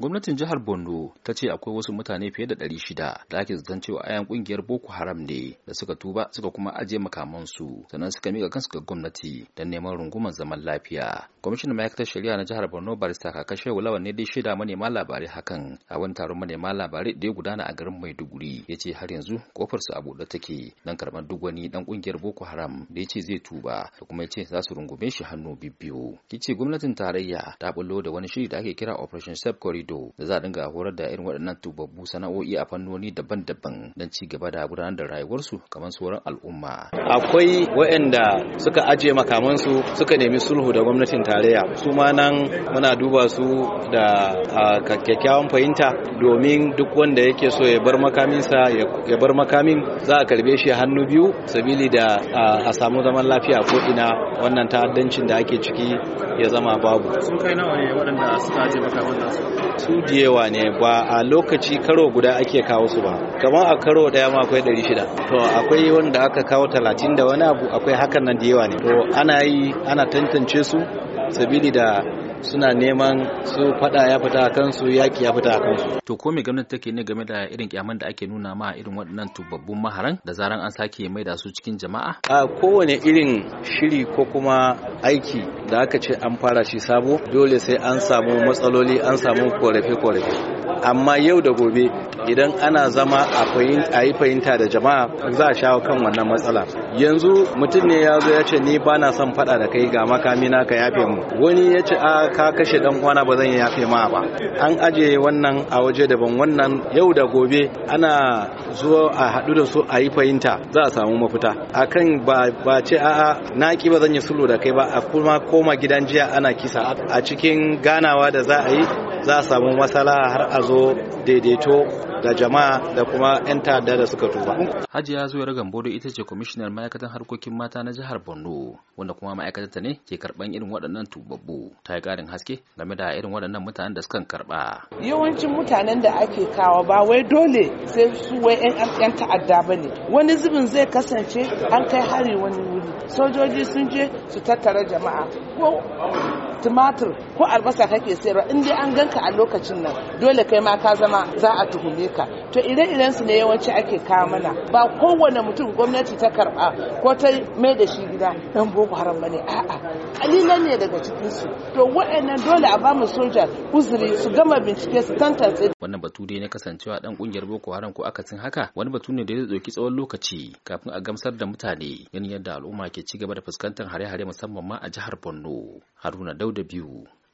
gwamnatin jihar borno ta ce akwai wasu mutane fiye da ɗari shida da ake zaton cewa ayan kungiyar boko haram ne da suka tuba suka kuma ajiye makamansu sannan suka mika kansu ga gwamnati don neman rungumar zaman lafiya kwamishinan ma'aikatar shari'a na jihar borno barista kakashe wulawan ne dai shaida manema labarai hakan a wani taron manema labarai da ya gudana a garin maiduguri ya ce har yanzu kofar su a buɗe take don karɓar duk wani dan ƙungiyar boko haram da ya ce zai tuba da kuma ya ce za su rungume shi hannu bibbiyu ya ce gwamnatin tarayya ta bullo da wani shiri da ake kira operation safe corridor da za a dinga horar da irin waɗannan tubabbu sana'o'i a fannoni daban-daban don ci gaba da gudanar da rayuwarsu kamar sauran al'umma akwai waɗanda suka ajiye makamansu suka nemi sulhu da gwamnatin tarayya tarayya su ma nan muna duba su da kyakkyawan fahimta domin duk wanda yake so ya bar sa ya bar makamin za a karbe shi hannu biyu sabili da a samu zaman lafiya ko ina wannan ta'addancin da ake ciki ya zama babu sun kai nawa ne waɗanda suka je makamin nasu su diyewa ne ba a lokaci karo guda ake kawo su ba kamar a karo daya ma akwai ɗari shida to akwai wanda aka kawo talatin da wani abu akwai hakan nan da yawa ne to ana yi ana tantance su sabili da suna neman su fada ya fita a kansu yaki ya fita a kansu to ko me gwamnati take ne game da irin kyaman da ake nuna ma irin waɗannan tubabbun maharan da zaran an sake mai da su cikin jama'a a kowane irin shiri ko kuma aiki da aka ce an fara shi sabo dole sai an samu matsaloli an samu korafe korafe amma yau da gobe idan ana zama a yi fahimta da jama'a za a shawo kan wannan matsala yanzu mutum ne ya zo ya ce ni ba na son faɗa da kai ga makami na ka yafe mu wani ya ce a ka kashe dan uwana ba zan yafe ma ba an aje wannan a waje daban wannan yau da gobe ana zuwa a haɗu da su a yi fahimta za a samu mafita akan ba ba ce a'a na ki ba zan yi sulhu da kai ba a kuma koma gidan jiya ana kisa a cikin ganawa da za a yi za a samu masala har a zo daidaito ga jama'a da kuma 'yan ta'adda da suka tuba. Hajiya Zuwar Gambodo ita ce kwamishinar ma'aikatan harkokin mata na jihar Borno wanda kuma ta ne ke karban irin waɗannan tubabbu ta yi ƙarin haske game da irin waɗannan mutanen da sukan karɓa. Yawancin mutanen da ake kawo ba wai dole sai su wai 'yan ta'adda ba ne wani zubin zai kasance an kai hari wani wuri sojoji sun je su tattara jama'a ko tumatir ko albasa kake sayarwa in dai an ganka a lokacin nan dole kai ma ka zama za a tuhume ka to ire-iren su ne yawanci ake kawo mana ba kowane mutum gwamnati ta karba ko ta mai da shi gida dan boko haram ne. a'a kalilan ne daga cikin su to waɗannan dole a ba mu soja uzuri su gama bincike su tantance wannan batu dai na kasancewa dan kungiyar boko haram ko akasin haka wani batu ne da ya dauki tsawon lokaci kafin a gamsar da mutane ganin yadda al'umma ke cigaba da fuskantar hare-hare musamman ma a jihar Borno Haruna Dauda biyu